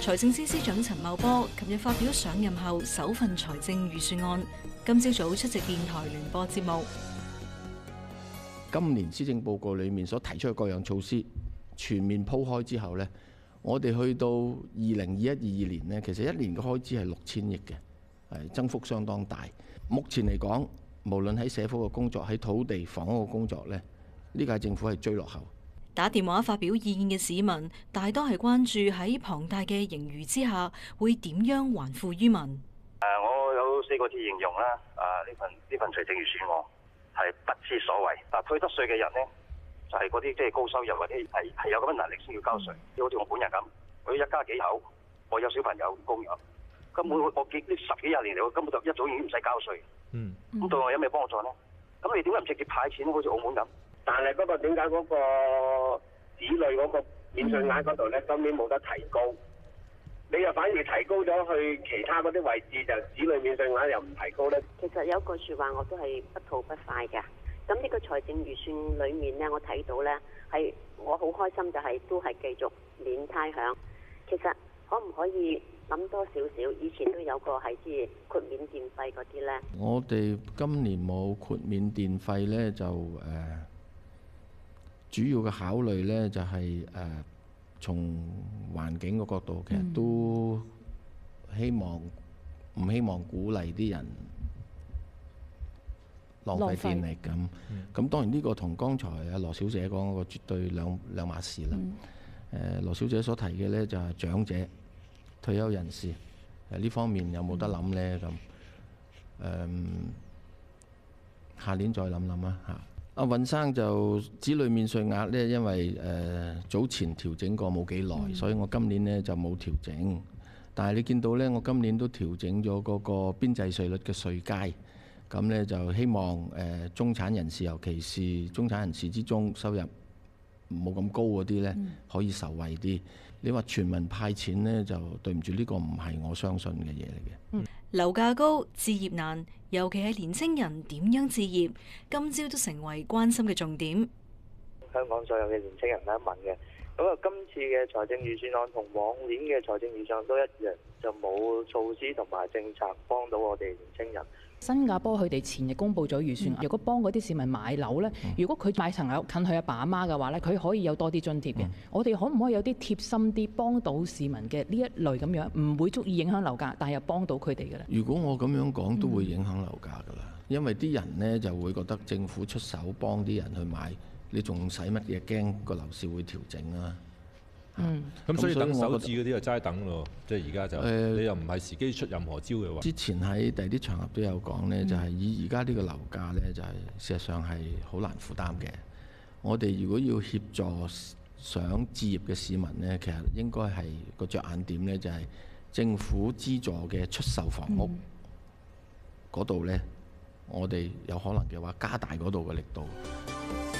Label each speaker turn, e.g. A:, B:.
A: 財政司司長陳茂波琴日發表上任後首份財政預算案，今朝早，早出席電台聯播節目。今年施政報告裏面所提出嘅各樣措施全面鋪開之後呢，我哋去到二零二一二年呢，其實一年嘅開支係六千億嘅，係增幅相當大。目前嚟講，無論喺社福嘅工作，喺土地房屋嘅工作呢，呢屆政府係追落後。打電話發表意見嘅市民，大多係關注喺龐大嘅盈餘之下，會點樣還富於民？誒、啊，我有四個字形容啦，誒、啊、呢、嗯、份呢份財政預算案係不知所謂。嗱，退得稅嘅人咧，就係嗰啲即係高收入或者係係有咁嘅能力先要交稅。即好似我本人咁，我一家幾口，我有小朋友供養，根本我我幾呢十幾廿年嚟，我根本就一早已經唔使交稅。嗯，咁對我有咩幫助做咧？咁你點解唔直接派錢，好似澳門咁？但係，不過點解嗰個子女嗰個免稅額嗰度咧，今年冇得提高？你又反而提高咗去其他嗰啲位置，就子女免稅額又唔提高咧？其實有個說話我都係不吐不快嘅。咁呢個財政預算裡面咧，我睇到咧係我好開心，就係都係繼續免差餉。其實可唔可以諗多少少？以前都有個係即係豁免電費嗰啲咧。我哋今年冇豁免電費咧，就誒。呃主要嘅考慮呢，就係、是、誒、呃，從環境嘅角度，其實都希望唔希望鼓勵啲人浪費電力咁。咁、嗯嗯、當然呢個同剛才阿羅小姐講嗰個絕對兩兩碼事啦。誒、嗯呃，羅小姐所提嘅呢，就係、是、長者、退休人士呢、呃、方面有冇得諗呢？咁、嗯？下年再諗諗啦嚇。嗯。阿雲生就子女免稅額呢，因為誒、呃、早前調整過冇幾耐，嗯、所以我今年呢就冇調整。但係你見到呢，我今年都調整咗嗰個邊際稅率嘅稅階，咁呢，就希望誒、呃、中產人士，尤其是中產人士之中收入。冇咁高嗰啲咧，可以受惠啲。你話全民派錢咧，就對唔住，呢、呢個唔係我相信嘅嘢嚟嘅。樓價、嗯、高，置業難，尤其係年輕人點樣置業，今朝都成為關心嘅重點。香港所有嘅年輕人咧問嘅，咁今次嘅財政預算案同往年嘅財政預算案都一樣，就冇措施同埋政策幫到我哋年青人。新加坡佢哋前日公布咗預算，嗯、如果幫嗰啲市民買樓呢，嗯、如果佢買層樓近佢阿爸阿媽嘅話呢，佢可以有多啲津貼嘅。嗯、我哋可唔可以有啲貼心啲，幫到市民嘅呢一類咁樣，唔會足以影響樓價，但係又幫到佢哋嘅咧？如果我咁樣講，都會影響樓價㗎啦，因為啲人呢就會覺得政府出手幫啲人去買。你仲使乜嘢驚個樓市會調整啊？咁、嗯、所以等首置嗰啲就齋等咯，即係而家就誒、呃、你又唔係時機出任何招嘅話。之前喺第二啲場合都有講呢，就係、是、以而家呢個樓價呢，就係、是、事實上係好難負擔嘅。我哋如果要協助想置業嘅市民呢，其實應該係個着眼點呢，就係政府資助嘅出售房屋嗰度呢。我哋有可能嘅話加大嗰度嘅力度。